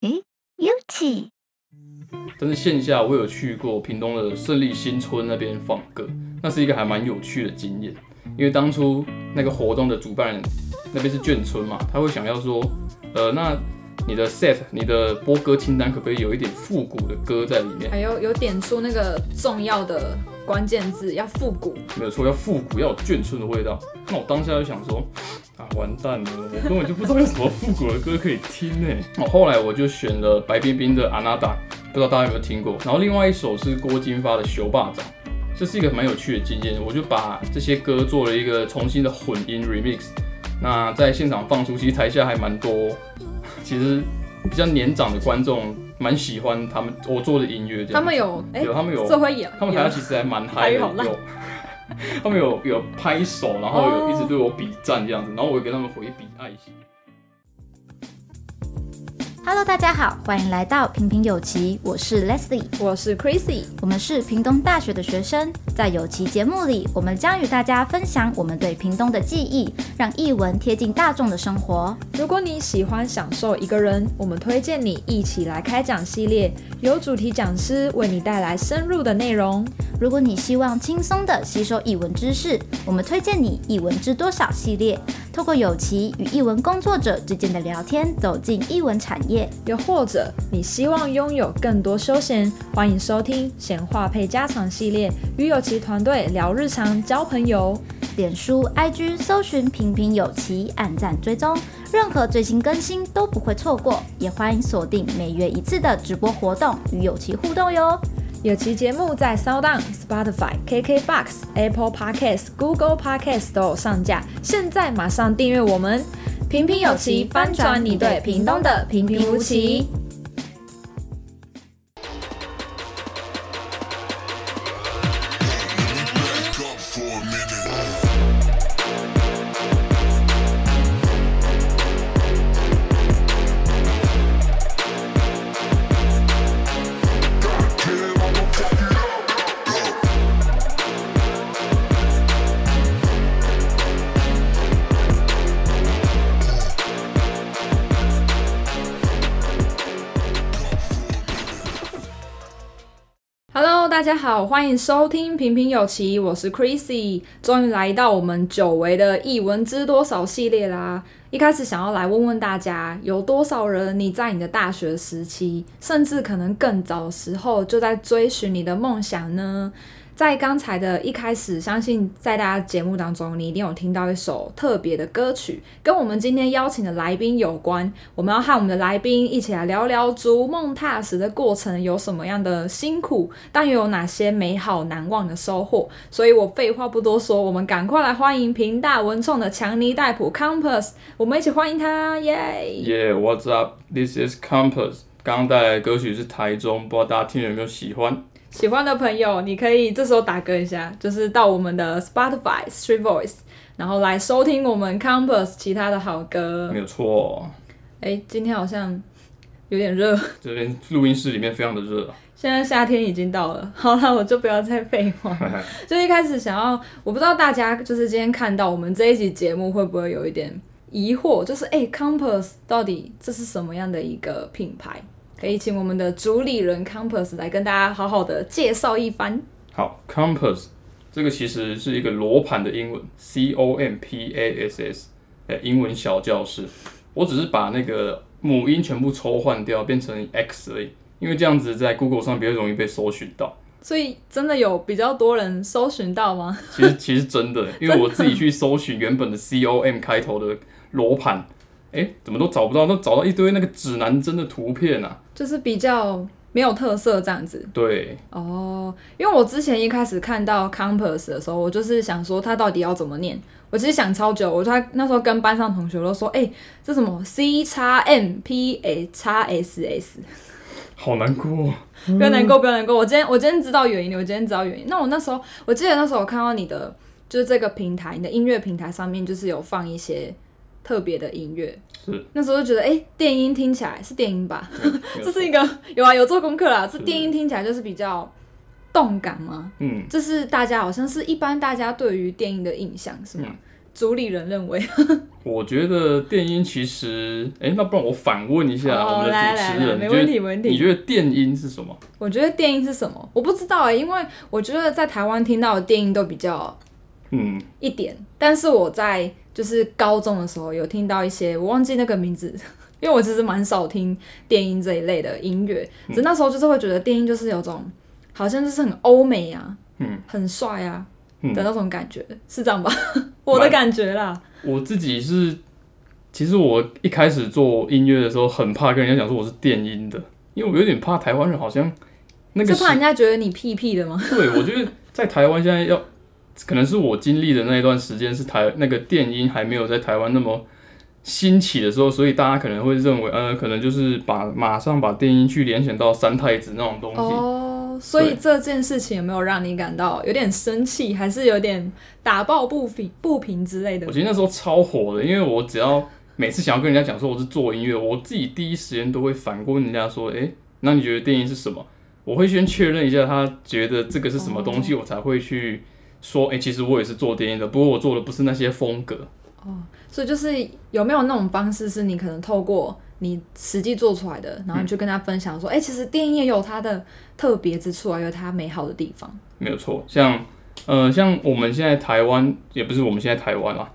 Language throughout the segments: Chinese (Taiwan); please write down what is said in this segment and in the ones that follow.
誒 y u i 但是線下我有去過屏東的勝利新村那邊放歌，那是一個還蠻有趣的經驗。因為當初那個活動的主辦人那邊是眷村嘛，他會想要說，呃，那你的 set、你的播歌清單可不可以有一點復古的歌在裡面？還有、哎、有點出那個重要的關鍵字，要復古。沒有錯，要復古，要有眷村的味道。那我當下就想說。啊，完蛋了！我根本就不知道有什麼復古的歌可以聽呢。 哦，後來我就選了白冰冰的《阿娜達》，不知道大家有沒有聽過。然後另外一首是郭金发的《燒肉粽》，這是一個蠻有趣的經驗。我就把這些歌做了一個重新的混音 remix。那在現場放出其實台下還蠻多，其實比較年長的觀眾蠻喜歡他們我做的音樂、欸。他們有，有他們有他們台下其實還蠻嗨的。有 他們有有拍手，然後有一直對我比讚這樣子，oh. 然後我給他們回比愛心。Hello，大家好，歡迎來到平平有奇，我是 Leslie，我是 Crazy，我們是屏東大學的學生，在有奇節目裡，我們將與大家分享我們對屏東的記憶，讓藝文貼近大眾的生活。如果你喜歡享受一個人，我們推薦你一起來開講系列，由主題講師為你帶來深入的內容。如果你希望輕鬆地吸收藝文知識，我們推薦你藝文知多少系列，透過有奇與藝文工作者之間的聊天，走進藝文產業。又或者你希望擁有更多休閒，歡迎收聽閒話配家常系列，與有其團隊聊日常、交朋友。臉書、IG 搜尋“平平有其”，按贊追蹤，任何最新更新都不會錯過。也歡迎鎖定每月一次的直播活動，與有其互動喲。有其節目在 SoundOn、Spotify、KKbox、Apple Podcast、Google Podcasts 都有上架，現在馬上訂閱我們。平平有奇，翻轉你對屏東的平平無奇。歡迎收聽《平平有奇》，我是 Crazy，終於來到我們久違的藝文知多少系列啦！一開始想要來問問大家，有多少人你在你的大學時期，甚至可能更早的時候就在追尋你的夢想呢？在剛才的一開始，相信在大家節目當中，你一定有聽到一首特別的歌曲，跟我們今天邀請的來賓有關。我們要和我們的來賓一起來聊聊逐夢踏實的過程，有什麼樣的辛苦，但又有哪些美好難忘的收穫。所以我廢話不多說，我們趕快來歡迎屏大文創的強尼戴普 （Compass）。我們一起歡迎他，耶 yeah!！Yeah，what's up？This is Compass。剛帶來的歌曲是《台中》，不知道大家聽了有沒有喜歡。喜歡的朋友，你可以這時候打歌一下，就是到我們的 Spotify Street Voice，然後來收聽我們 CXMPXSS 其他的好歌。沒有錯錯。哎、欸，今天好像有點熱。這邊錄音室裡面非常的熱。現在夏天已經到了。好了，我就不要再廢話。 就一開始想要，我不知道大家就是今天看到我們這一集節目會不會有一點疑惑，就是欸 CXMPXSS 到底這是什麼樣的一個品牌？可以請我們的主理人 Compass 來跟大家好好的介紹一番。好，Compass 這個其實是一個羅盤的英文，C O M P A S S，欸，英文小教室。我只是把那個母音全部抽換掉，變成 X 而已，因為這樣子在 Google 上比較容易被搜尋到。所以真的有比較多人搜尋到嗎？ 其實其實真的，因為我自己去搜尋原本的 C O M 開頭的羅盤，哎，欸，怎麼都找不到，都找到一堆那個指南針的圖片啊。就是比較沒有特色這樣子。對。哦，oh, 因為我之前一開始看到 CXMPXSS 的時候，我就是想說它到底要怎麼念。我其實想超久，我在那時候跟班上同學都說，哎、欸，這什麼 C X M P A X S S，, 好難過， 不要難過，不要難過。嗯、我今天我今天知道原因了，我今天知道原因。那我那時候，我記得那時候我看到你的就是這個平台，你的音樂平台上面就是有放一些。特別的音樂，是那時候就覺得哎，電音聽起來是電音吧？這是一個有啊，有做功課啦。這電音聽起來就是比較動感嗎？嗯，這是大家好像是一般大家對於電音的印象是嗎？主理人認為，我覺得電音其實，哎，那不然我反問一下我們的主持人，沒問題，沒問題，你覺得電音是什麼？我覺得電音是什麼？我不知道哎，因為我覺得在台灣聽到的電音都比較嗯一點，但是我在。就是高中的時候有聽到一些，我忘記那個名字，因為我其實蠻少聽電音這一類的音樂。嗯，只那時候就是會覺得電音就是有種，好像就是很歐美啊，嗯，很帥啊的那種感覺，嗯、是這樣吧？蠻 我的感覺啦。我自己是，其實我一開始做音樂的時候，很怕跟人家講說我是電音的，因為我有點怕台灣人好像那個，就怕人家覺得你屁屁的嗎？對，我覺得在台灣現在要。可能是我經歷的那一段時間是台那個電音還沒有在台灣那麼興起的時候，所以大家可能會認為，呃，可能就是把馬上把電音去聯想到三太子那種東西。哦、oh, 對，所以這件事情有沒有讓你感到有點生氣，還是有點打抱不平不平之類的？我覺得那時候超火的，因為我只要每次想要跟人家講說我是做音樂，我自己第一時間都會反問人家說，誒、欸，那你覺得電音是什麼？我會先確認一下他覺得這個是什麼東西，oh. 我才會去。說哎、欸，其實我也是做電音的，不過我做的不是那些風格哦。所以就是有沒有那種方式，是你可能透過你實際做出來的，然後你就跟他分享說，哎、嗯欸，其實電音也有它的特別之處啊，有它美好的地方。沒有錯，像呃，像我們現在台灣，也不是我們現在台灣啊，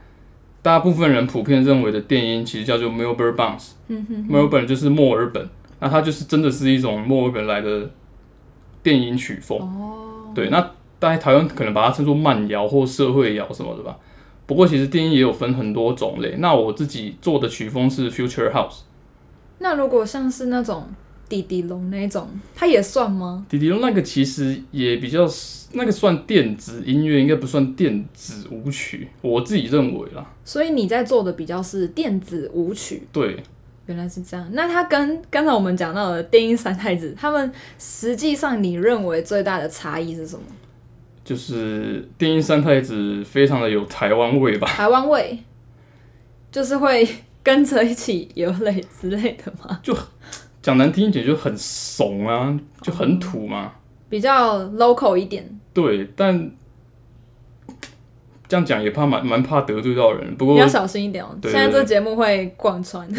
大部分人普遍認為的電音其實叫做 Melbourne bounce，Melbourne 就是墨爾本，那它就是真的是一種墨爾本來的電音曲風哦。對，那。在台灣可能把它稱作慢搖或社會搖什麼的吧。不過其實電音也有分很多種類。那我自己做的曲風是 future house。那如果像是那種迪迪龍那種，它也算嗎？迪迪龍那個其實也比較，那個算電子音樂，應該不算電子舞曲，我自己認為啦。所以你在做的比較是電子舞曲。對，原來是這樣。那它跟剛才我們講到的電音三太子，他們實際上你認為最大的差異是什麼？就是電音三太子非常的有台灣味吧？台灣味就是會跟着一起有淚之類的嗎？就講難聽一點，就很慫啊，就很土嘛，嗯、比較 local 一點。對，但這樣講也怕蠻蠻怕得罪到人。不過你要小心一點哦、喔。對對對現在這個節目會貫穿，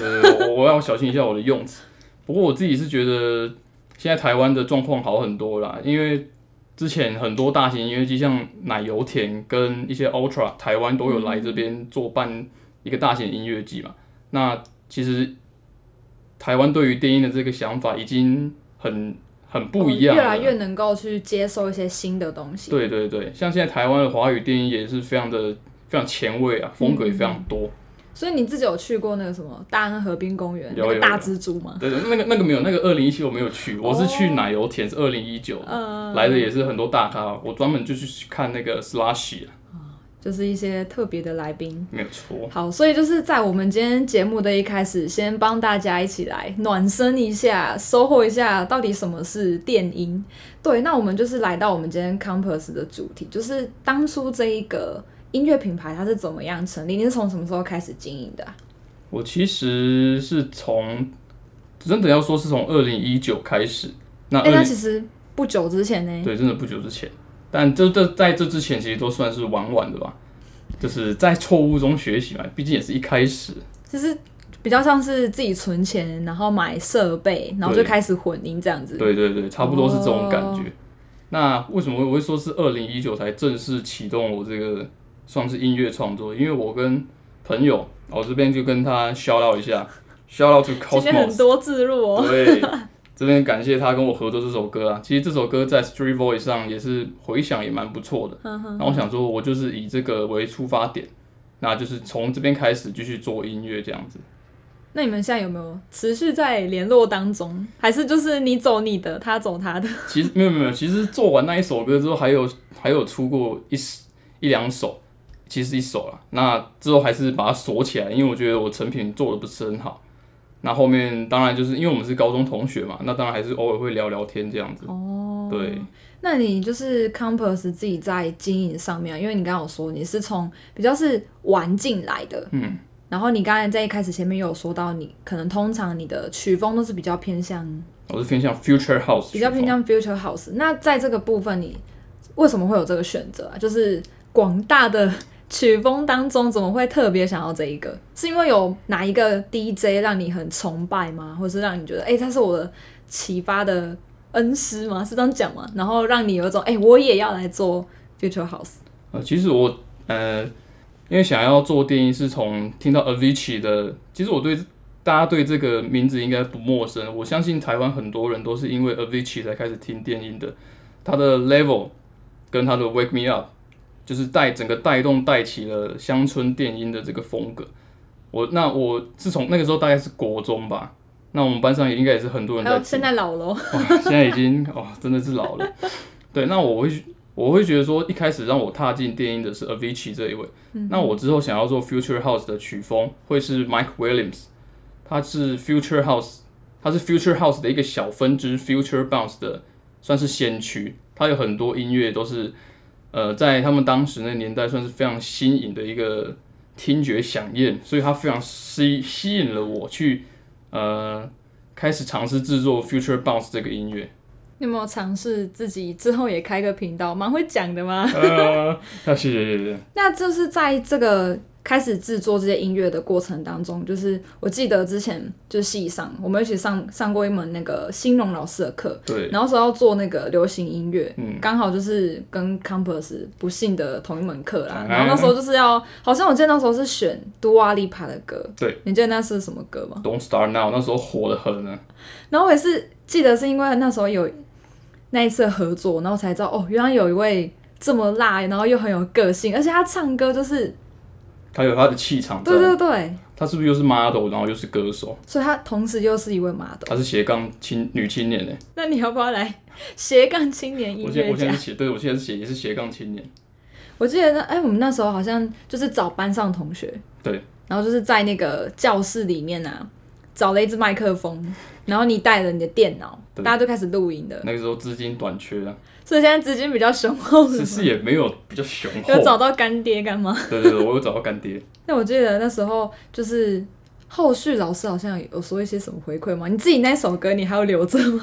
我我要小心一下我的用詞。 不過我自己是覺得現在台灣的狀況好很多啦，因為。之前很多大型音樂祭，像奶油田跟一些 Ultra 台灣都有來這邊做辦一個大型音樂祭嘛。嗯、那其實台灣對於電音的這個想法已經很很不一樣、哦，越來越能夠去接受一些新的東西。對對對，像現在台灣的華語電音也是非常的非常前衛啊，風格也非常多。嗯嗯嗯所以你自己有去過那個什麼大安河濱公園那個大蜘蛛嗎？對，對，對，那個那個沒有，那個二零一七我沒有去，我是去奶油田，哦、是二零一九來的，也是很多大咖，我專門就去看那個 Slash 啊，就是一些特別的來賓，沒有錯錯。好，所以就是在我們今天節目的一開始，先幫大家一起來暖身一下，收穫一下到底什麼是電音。對，那我們就是來到我們今天 CXMPXSS 的主題，就是當初這一個。音樂品牌，它是怎麼樣成立？你是從什麼時候開始經營的、啊？我其實是從，真的要說是從二零一九開始。那那、欸、其實不久之前呢？對，真的不久之前。但這這在這之前，其實都算是玩玩的吧，就是在錯誤中學習嘛。畢竟也是一開始，就是比較像是自己存錢，然後買設備，然後就開始混音這樣子。對對對，差不多是這種感覺。Oh、那為什麼我會說是二零一九才正式啟動我這個？算是音樂創作，因為我跟朋友，我這邊就跟他 shout out 一下 ，shout out to cosmos。這很多字入哦。 對，這邊感謝他跟我合作這首歌啊。其實這首歌在 Street Voice 上也是回響也蠻不錯的。嗯哼。然後我想說，我就是以這個為出發點，那就是從這邊開始繼續做音樂這樣子。那你們現在有沒有持續在聯絡當中？還是就是你走你的，他走他的？ 其實沒有沒有，其實做完那一首歌之後，還有還有出過一一兩首。其實一手了，那之後還是把它鎖起來，因為我覺得我成品做的不是很好。那後面當然就是因為我們是高中同學嘛，那當然還是偶爾會聊聊天這樣子。哦，對，那你就是 CXMPXSS 自己在經營上面啊，因為你剛剛有說你是從比較是玩進來的，嗯，然後你剛才在一開始前面有說到你，你可能通常你的曲風都是比較偏向，我是偏向 Future House，比較偏向 Future House。那在這個部分，你為什麼會有這個選擇啊？就是廣大的曲風當中怎麼會特別想要這一個？是因為有哪一個 DJ 讓你很崇拜嗎？或者是讓你覺得，哎、欸，他是我的啟發的恩師嗎？是這樣講嗎？然後讓你有一種，哎、欸，我也要來做 Future House。呃，其實我呃，因為想要做電音，是從聽到 Avicii 的。其實我對大家對這個名字應該不陌生，我相信台灣很多人都是因為 Avicii 才開始聽電音的。他的 Level 跟他的 Wake Me Up。就是帶整個帶動帶起了鄉村電音的這個風格，我那我自從那個時候大概是國中吧，那我們班上也應該也是很多人在現在老了，現在已經 哦，真的是老了。對，那我會我會覺得說，一開始讓我踏進電音的是 Avicii 這一位，嗯、哼那我之後想要做 Future House 的曲風會是 Mike Williams，他是 Future House，他是 Future House 的一個小分支 Future Bounce 的算是先驅，他有很多音樂都是。呃，在他們當時那年代，算是非常新穎的一個聽覺饗宴，所以它非常吸吸引了我去，呃，開始嘗試製作 Future Bounce 這個音樂。你有沒有嘗試自己之後也開個頻道？蠻會講的嘛。那謝謝謝謝。 是那就是在這個。開始製作這些音樂的過程當中，就是我記得之前就系上我們一起上上過一門那個新龍老師的課，對，然後那時候要做那個流行音樂，嗯，剛好就是跟 CXMPXSS 不幸的同一門課啦。嗯、然後那時候就是要，好像我記得那時候是選 Dua Lipa 的歌，對，你記得那是什麼歌嗎？Don't Start Now 那時候火得很呢。然後我也是記得是因為那時候有那一次合作，然後才知道哦，原來有一位這麼辣，然後又很有個性，而且他唱歌就是。他有他的氣場，對對對，他是不是又是 model，然後又是歌手？所以他同時又是一位 model。他是斜槓青女青年呢？那你要不要來斜槓青年音樂家？我現在，我現在是斜對，我現在是斜也是斜槓青年。我記得呢，哎，我們那時候好像就是找班上同學，對，然後就是在那個教室裡面啊，找了一支麥克風，然後你帶着你的電腦，對大家都開始錄音的。那個時候資金短缺啊。所以現在資金比較雄厚，只是，是也沒有比較雄厚。有找到乾爹幹嘛？ 對對對，我有找到乾爹。 那我記得那時候就是後續老師好像有說一些什麼回饋嗎？你自己那首歌你還要留着嗎？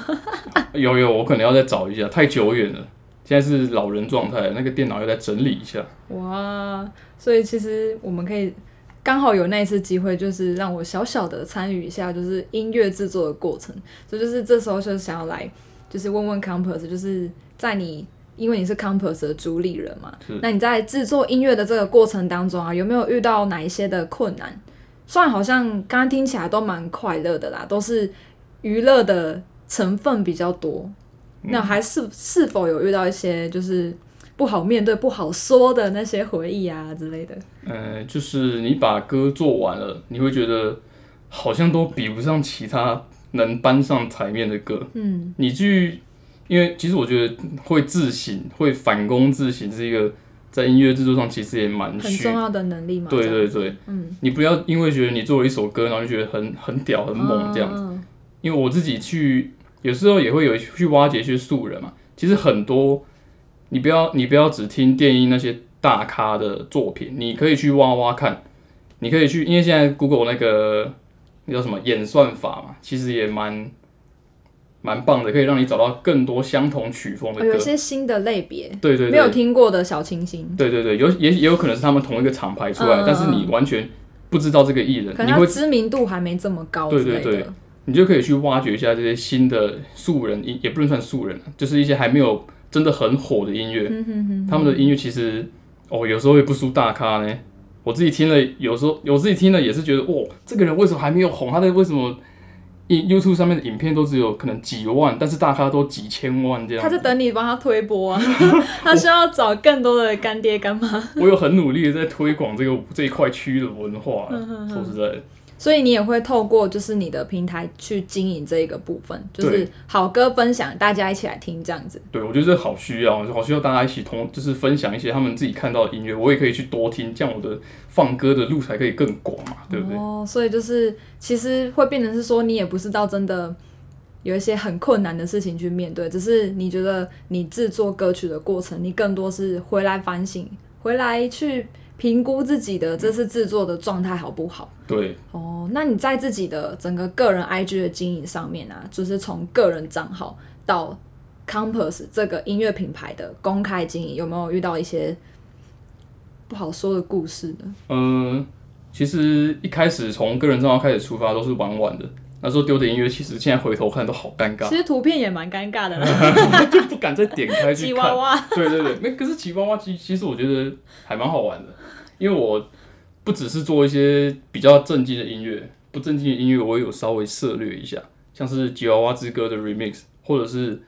有有，我可能要再找一下，太久遠了，現在是老人狀態，那個電腦要再整理一下。哇，所以其實我們可以剛好有那一次機會，就是讓我小小的參與一下，就是音樂制作的過程。所以就是這時候就是想要來，就是問問 Compass，就是。在你因為你是 CXMPXSS 的主理人嘛，是那你在製作音樂的這個過程當中啊，有沒有遇到哪一些的困難？雖然好像剛剛聽起來都蠻快樂的啦，都是娛樂的成分比較多，嗯、那還是是否有遇到一些就是不好面對、不好說的那些回憶啊之類的？嗯、呃，就是你把歌做完了，你會覺得好像都比不上其他能搬上台面的歌。嗯，你去。因為其實我覺得會自省、會反攻自省是一個在音樂製作上其實也蠻重要的能力嘛。對對對，嗯，你不要因為覺得你做了一首歌，然後就覺得很很屌、很猛這樣。嗯。因為我自己去有時候也會有去挖掘一些素人嘛。其實很多你不要你不要只聽電音那些大咖的作品，你可以去挖挖看，你可以去，因為現在 Google 那個那叫什麼演算法嘛，其實也蠻。蠻棒的，可以讓你找到更多相同曲風的歌，哦、有一些新的類別，對，對對，沒有聽過的小清新，對對對，有也也有可能是他們同一個廠牌出來，嗯、但是你完全不知道這個藝人，嗯、你會，可能知名度還沒這麼高，對對對，你就可以去挖掘一下這些新的素人，也不能算素人，就是一些還沒有真的很火的音樂，嗯、哼哼哼，他們的音樂其實哦，有時候也不輸大咖呢。我自己聽了，有時候我自己聽了也是覺得，哇，這個人為什麼還沒有紅？他的為什麼？YouTube 上面的影片都只有可能幾萬，但是大咖都幾千萬這樣。他在等你幫他推播啊， 他需要找更多的乾爹乾媽。 我有很努力的在推廣這個這一塊區域的文化啊，嗯哼哼，說實在的。所以你也會透過就是你的平台去經營這一個部分，就是好歌分享，對大家一起來聽這樣子。對，我覺得這好需要，好需要大家一起同，就是分享一些他們自己看到的音樂，我也可以去多聽，這樣我的放歌的路才可以更廣嘛，對不對？哦，所以就是其實會變成是說，你也不是到真的有一些很困難的事情去面對，只是你覺得你製作歌曲的過程，你更多是回來反省，回來去。評估自己的這次制作的狀態好不好？對哦，那你在自己的整個個人 IG 的經營上面啊，就是從個人賬號到 CXMPXSS 這個音樂品牌的公開經營，有沒有遇到一些不好說的故事呢？嗯，其實一開始從個人賬號開始出發都是玩玩的，那時候丟的音樂其實現在回頭看都好尷尬，其實圖片也蠻尷尬的啦， 就不敢再點開。吉娃娃，對對對，那可是吉娃娃，其其實我覺得還蠻好玩的。因為我不只是做一些比較正經的音樂，不正經的音樂我也有稍微涉獵一下，像是吉娃娃之歌的 remix，或者是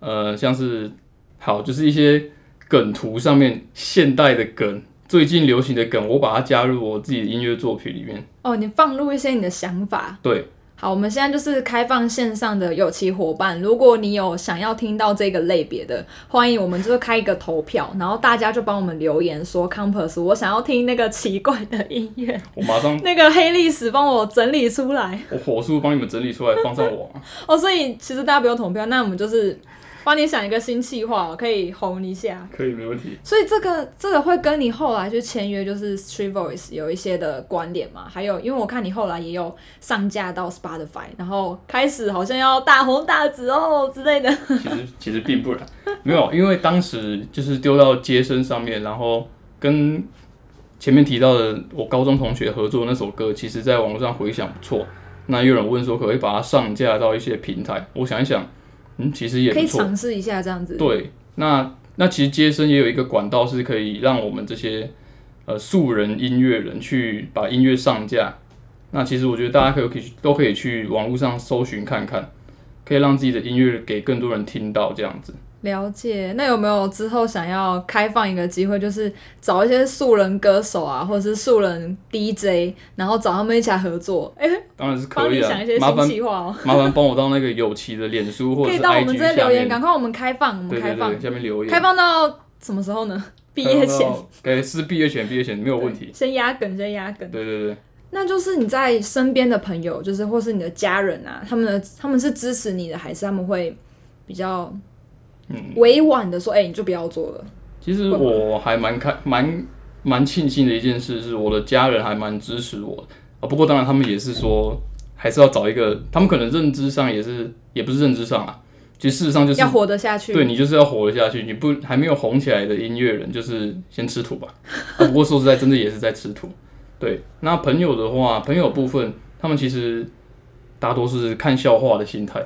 呃，像是好就是一些梗圖上面現代的梗，最近流行的梗，我把它加入我自己的音樂作品裡面。哦，你放入一些你的想法？對。好，我們現在就是開放線上的有奇夥伴。如果你有想要聽到這個類別的，歡迎我們就是開一個投票，然後大家就幫我們留言說 “CXMPXSS”，我想要聽那個奇怪的音樂。我馬上 那個黑歷史幫我整理出來， 我火速幫你們整理出來，放上網。 哦，所以其實大家不用投票，那我們就是。幫你想一個新計劃，可以哄一下。可以，沒問題。所以這個這個會跟你後來去簽約，就是 Street Voice 有一些的關聯嗎？還有，因為我看你後來也有上架到 Spotify，然後開始好像要大紅大紫哦之類的。其實其實並不然， 沒有，因為當時就是丟到街聲上面，然後跟前面提到的我高中同學合作那首歌，其實在網上回響不錯。那有人問說，可不可以把它上架到一些平台？我想一想。嗯，其實也可以嘗試一下這樣子。對，那那其實街聲也有一個管道，是可以讓我們這些呃素人音樂人去把音樂上架。那其實我覺得大家可以可以都可以去網絡上搜尋看看，可以讓自己的音樂給更多人聽到這樣子。了解。那有沒有之後想要開放一個機會，就是找一些素人歌手啊，或者是素人 DJ，然後找他們一起來合作？哎，當然是可以的、啊。幫你想一些新企劃哦。麻煩幫我到那個有奇的臉書，或者是可以到我們這邊留言。趕快，我們開放，我們開放，對對對，下面留言。開放到什麼時候呢？畢業前，可是畢業前，畢業前沒有問題。先壓梗，先壓梗。對對對。那就是你在身邊的朋友，就是或是你的家人啊，他們的他們是支持你的，還是他們會比較？嗯、委婉的說：“哎、欸，你就不要做了。”其實我還蠻開、蠻蠻慶幸的一件事，是我的家人還蠻支持我的啊。不過當然，他們也是說，還是要找一個。他們可能認知上也是，也不是認知上啊。其實事實上就是要活得下去，對，你就是要活得下去。你不還沒有紅起來的音樂人，就是先吃土吧。啊，不過說實在，真的也是在吃土。 對，那朋友的話，朋友的部分，他們其實大多是看笑話的心態，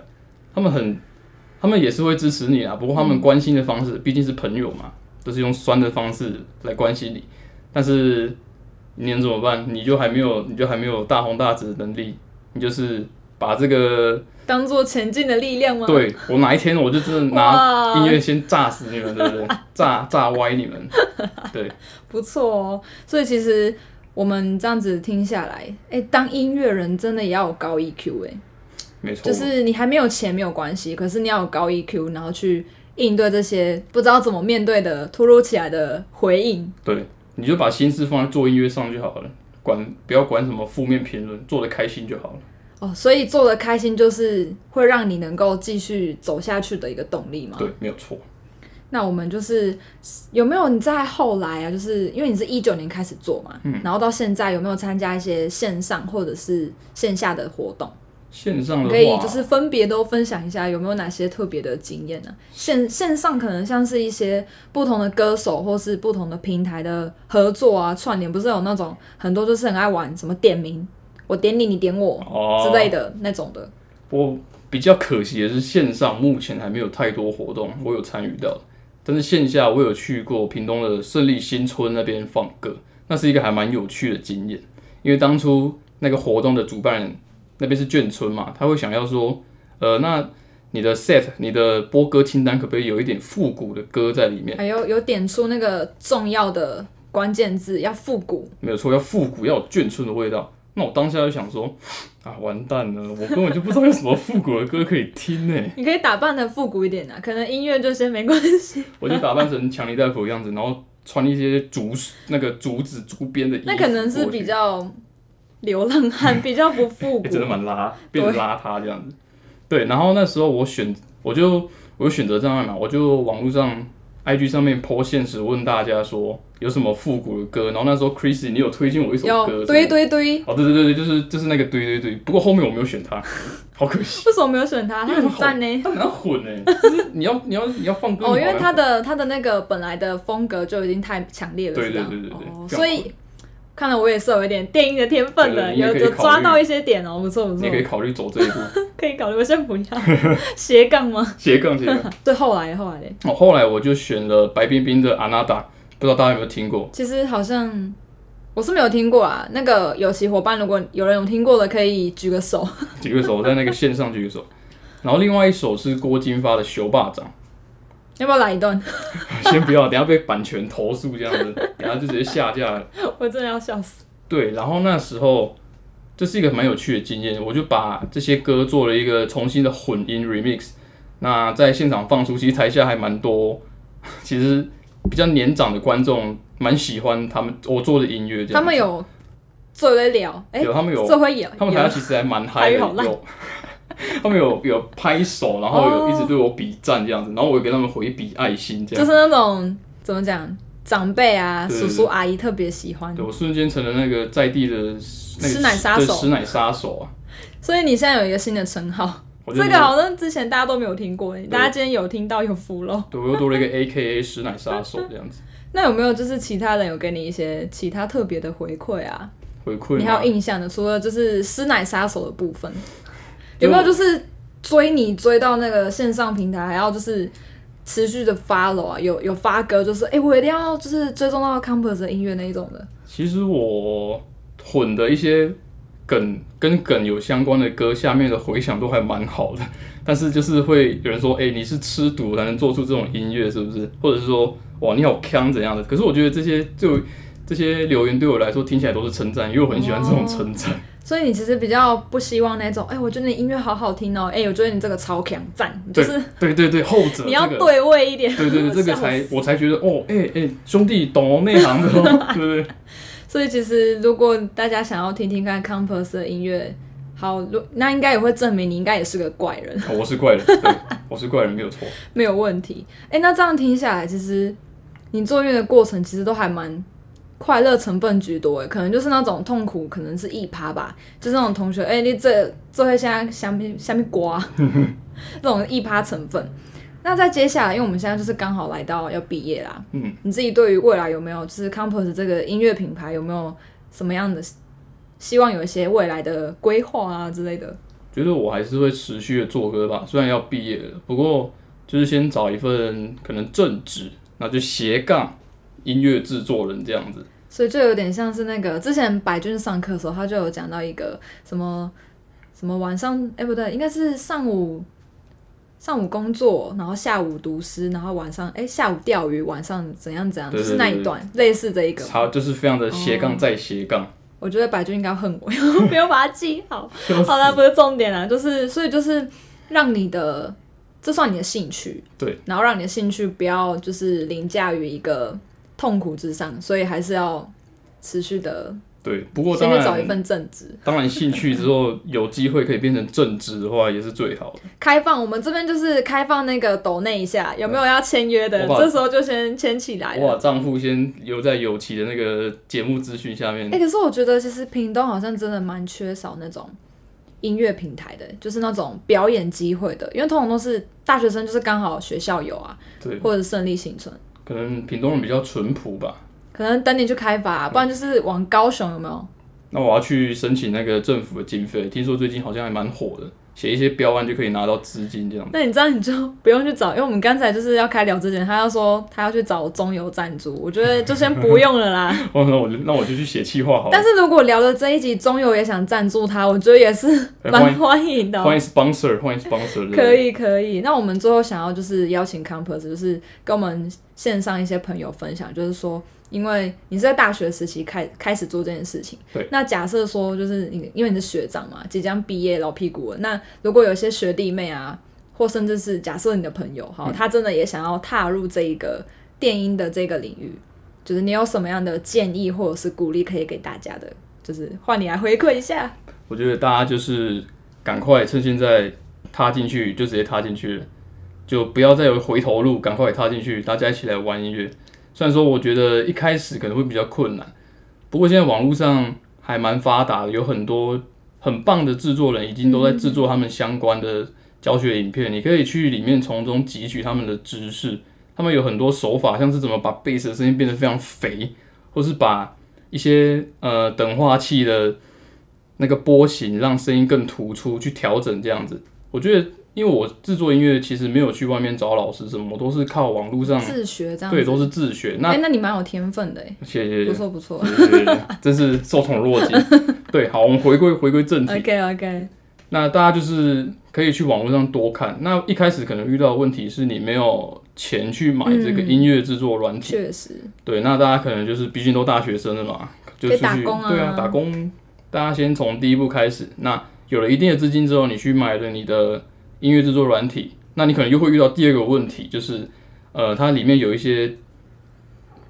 他們很。他們也是會支持你啊，不過他們關心的方式畢、嗯、竟是朋友嘛，都、就是用酸的方式來關心你。但是你能怎麼辦？你就還沒有，你就還沒有大紅大紫的能力，你就是把這個當做前進的力量嗎？對我哪一天我就真的拿音樂先炸死你們，Wow 對不對？炸炸歪你們，對，不錯哦。所以其實我們這樣子聽下來，哎、欸，當音樂人真的也要有高 EQ 沒錯，就是你還沒有錢沒有關係，可是你要有高 EQ，然後去應對這些不知道怎麼面對的突如其來的回應。對，你就把心思放在做音樂上就好了，管不要管什麼負面評論，做得開心就好了。哦，所以做得開心就是會讓你能夠繼續走下去的一個動力嗎？對，沒有錯。那我們就是有沒有你在後來啊，就是因為你是一九年開始做嘛，嗯，然後到現在有沒有參加一些線上或者是線下的活動？線上的話，可以就是分別都分享一下，有沒有哪些特別的經驗呢、啊？線線上可能像是一些不同的歌手或是不同的平台的合作啊，串聯，不是有那種很多就是很愛玩什麼點名，我點你，你點我、哦、之類的那種的。我比較可惜的是線上目前還沒有太多活動，我有參與到，但是線下我有去過屏東的勝利新村那邊放歌，那是一個還蠻有趣的經驗，因為當初那個活動的主辦那邊是眷村嘛，他會想要說，呃，那你的 set，你的播歌清單可不可以有一點復古的歌在裡面？還有、哎、有點出那個重要的關鍵字，要復古。沒有錯，要復古，要有眷村的味道。那我當下就想說，啊，完蛋了，我根本就不知道有什麼復古的歌可以聽呢、欸。你可以打扮得復古一點啊，可能音樂就先沒關係。 我就打扮成強尼戴普的樣子，然後穿一些竹那個竹子竹編的衣服。那可能是比較。流浪漢比較不復古，真的蠻拉，變得邋遢這樣子。對，然後那時候我選，我就我選擇障礙嘛，我就網絡上 IG 上面拋現實問大家說有什麼復古的歌。然後那時候 Chrissy，你有推薦我一首歌？對對對。哦，對對對對，就是就是那個對對對。不過後面我沒有選他，好可惜。為什麼沒有選他？他很讚呢。他很混呢。就是你要你要你要放歌。哦，因為他的他的那個本來的風格就已經太強烈了，這樣，對對對對對，所以。看來我也是有一點電音的天分的，有有抓到一些點哦、喔，不錯不錯。你可以考慮走這一步， 可以考慮，我先不要 斜槓嗎？斜槓 對，後來後來哦，後來我就選了白冰冰的《阿娜達》，不知道大家有沒有聽過？其實好像我是沒有聽過啊。那個有些夥伴，如果有人有聽過的，可以舉個手， 舉個手，在那個線上舉個手。然後另外一首是郭金發的《修霸掌》。要不要來一段？ 先不要，等下被版權投訴這樣子，然後 就直接下架了。我真的要笑死。對，然後那時候，這是一個蠻有趣的經驗，我就把這些歌做了一個重新的混音 remix。那在現場放出，其實台下還蠻多，其實比較年長的觀眾蠻喜歡他們我做的音樂這樣子。他們有做得了聊，有他們有他們台下其實還蠻嗨的。他們有有拍手，然後有一直對我比讚這樣子，然後我給他們回比愛心，這樣就是那種怎麼講，長輩啊、叔叔阿姨特別喜歡。對，我瞬間成了那個在地的師奶殺手，師奶殺手啊！所以你現在有一個新的稱號，這個好像之前大家都沒有聽過，哎，大家今天有聽到有福了。對，我又多了一個 AKA 師奶殺手這樣子。那有沒有就是其他人有給你一些其他特別的回饋啊？回饋？你還有印象的，除了就是師奶殺手的部分。有沒有就是追你追到那個線上平台，還要就是持續的 follow 啊？有有發歌，就是哎、欸，我一定要就是追蹤到 CXMPXSS 的音樂那一種的。其實我混的一些梗跟梗有相關的歌，下面的回響都還蠻好的。但是就是會有人說，哎、欸，你是吃毒才能做出這種音樂，是不是？或者是說，哇，你好坑怎樣的？可是我覺得這些就這些留言對我來說聽起來都是稱讚，因為我很喜歡這種稱讚。所以你其實比較不希望那種，哎、欸，我覺得你音樂好好聽哦、喔，哎、欸，我覺得你這個超強讚，讚對就是對對對，後者、這個、你要對位一點，這個、對，對對，這個才死我才覺得哦，哎、喔、哎、欸欸，兄弟懂內行的、喔， 對，對對？所以其實如果大家想要聽聽看 CXMPXSS 的音樂，好，那應該也會證明你應該也是個怪人，哦、我是怪人，對我是怪人沒有錯， 沒有問題。哎、欸，那這樣聽下來，其實你做音樂的過程其實都還蠻。快樂成分居多，可能就是那種痛苦，可能是一趴吧，就是那種同學哎、欸，你這這做些香蜜香蜜瓜， 這種一趴成分。那在接下來，因為我們現在就是剛好來到要畢業啦，嗯，你自己對於未來有沒有，就是 Compass 這個音樂品牌有沒有什麼樣的希望有一些未來的規劃啊之類的？覺得我還是會持續的做歌吧，雖然要畢業了，不過就是先找一份可能正職，那就斜槓。音樂製作人這樣子，所以就有點像是那個之前白俊上課的時候，他就有講到一個什麼什麼晚上，哎、欸、不對，應該是上午上午工作，然後下午讀詩，然後晚上哎、欸、下午釣魚，晚上怎樣怎樣，對對對，就是那一段對對對，類似這一個，好就是非常的斜槓再斜槓，哦。我覺得白俊應該恨我， 沒有把它記好。 就是，好啦，不是重點啊，就是所以就是讓你的這算你的興趣對，然後讓你的興趣不要就是凌駕於一個。痛苦之上，所以還是要持續的，對。不過先去找一份正職，當然興趣之後 有機會可以變成正職的話，也是最好的。開放，我們這邊就是開放那個 donate 一下，對有沒有要簽約的？好這時候就先簽起來哇，賬戶先留在有奇的那個節目資訊下面。哎、欸，可是我覺得其實屏東好像真的蠻缺少那種音樂平台的，就是那種表演機會的，因為通常都是大學生，就是剛好學校有啊，對，或者勝利新村。可能屏東人比較淳樸吧，可能等你去開發啊，不然就是往高雄有沒有？嗯。那我要去申請那個政府的經費，聽說最近好像還蠻火的。寫一些標案就可以拿到資金，這樣。那你這樣你就不用去找，因為我們剛才就是要開聊之前，他要說他要去找中油贊助，我覺得就先不用了啦。 哇，那我就那我就去寫企劃好了。但是如果聊了這一集，中油也想贊助他，我覺得也是蠻、欸、歡迎的。歡迎 sponsor，歡迎 sponsor。可以可以，那我們最後想要就是邀請 CXMPXSS，就是跟我們線上一些朋友分享，就是說。因為你是在大學時期開開始做這件事情，對那假設說就是你因為你是學長嘛，即將畢業老屁股了。那如果有些學弟妹啊，或甚至是假設你的朋友哈，他真的也想要踏入這一個電音的這個領域，就是你有什麼樣的建議或者是鼓勵可以給大家的，就是換你來回饋一下。我覺得大家就是趕快趁現在踏進去就直接踏進去了，就不要再有回頭路，趕快踏進去，大家一起來玩音樂。雖然說我覺得一開始可能會比較困難，不過現在網絡上還蠻發達的，有很多很棒的製作人已經都在製作他們相關的教學影片，你可以去裡面從中汲取他們的知識。他們有很多手法，像是怎麼把貝斯的聲音變得非常肥，或是把一些，呃，等化器的那個波形讓聲音更突出，去調整這樣子。我覺得。因為我製作音樂其實沒有去外面找老師什麼，我都是靠網絡上自學這樣，對，都是自學。那，欸、那你蠻有天分的耶，哎且，謝謝，不錯不錯，啊，真是受寵若驚。 對，好，我們回歸回歸正題。OK OK。那大家就是可以去網絡上多看。那一開始可能遇到的問題是你沒有錢去買這個音樂製作軟體，確、嗯、實。對，那大家可能就是畢竟都大學生了嘛，就去打工啊，對啊，打工。大家先從第一步開始。那有了一定的資金之後，你去買了你的音樂製作軟體，那你可能又會遇到第二個問題，就是，呃，它裡面有一些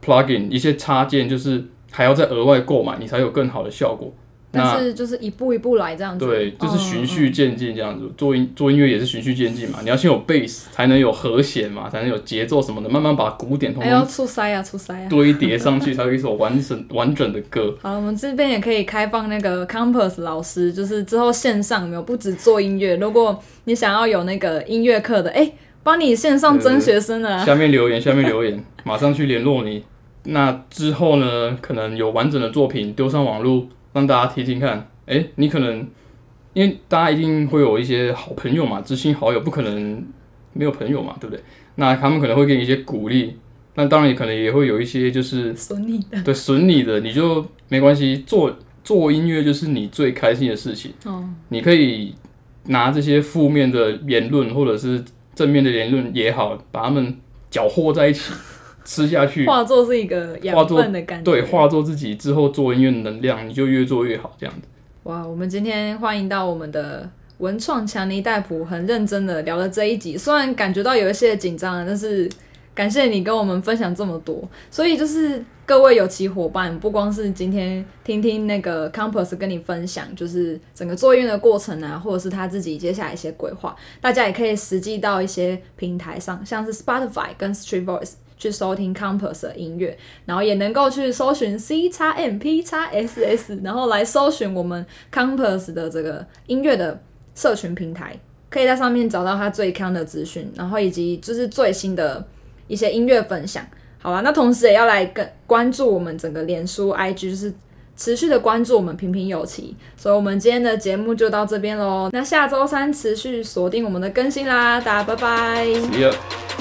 plugin 一些插件，就是還要再額外購買，你才有更好的效果。那但是就是一步一步來這樣子，對，嗯、就是循序漸進這樣子。嗯、做音做音樂也是循序漸進嘛，嗯、你要先有 Bass 才能有和弦嘛，才能有節奏什麼的，慢慢把鼓點，還要出塞啊出塞啊，塞啊堆疊上去才有 一首完整完整的歌。好，我們這邊也可以開放那個 CXMPXSS 老師，就是之後線上有，沒有不止做音樂，如果你想要有那個音樂課的，哎、欸，幫你線上徵學生的、啊呃，下面留言，下面留言， 馬上去聯絡你。那之後呢，可能有完整的作品丟上網路。讓大家聽聽看，哎、欸，你可能因為大家一定會有一些好朋友嘛，知心好友不可能沒有朋友嘛，對不對？那他們可能會給你一些鼓勵，那當然也可能也會有一些就是損你的，對，損你的，你就沒關係。做做音樂就是你最開心的事情，哦、你可以拿這些負面的言論或者是正面的言論也好，把他們攪和在一起，吃下去，化作是一個養分的感覺，對，化作自己之後做音樂能量，你就越做越好，這樣子。哇，我們今天歡迎到我們的文創強尼戴普，很認真的聊了這一集，雖然感覺到有一些緊張，但是感謝你跟我們分享這麼多。所以就是各位有其夥伴，不光是今天聽聽那個 CXMPXSS 跟你分享，就是整個做音樂的過程啊，或者是他自己接下來一些規劃，大家也可以實際到一些平台上，像是 Spotify 跟 Street Voice。去收聽 Compass 的音樂，然後也能夠去搜尋 C 叉 M P 叉 S S，然後來搜尋我們 Compass 的這個音樂的社群平台，可以在上面找到它最夯的資訊，然後以及就是最新的一些音樂分享。好啦，那同時也要來跟關注我們整個臉書 IG，就是持續的關注我們平平有奇。所以，我們今天的節目就到這邊嘍。那下周三持續鎖定我們的更新啦，大家拜拜。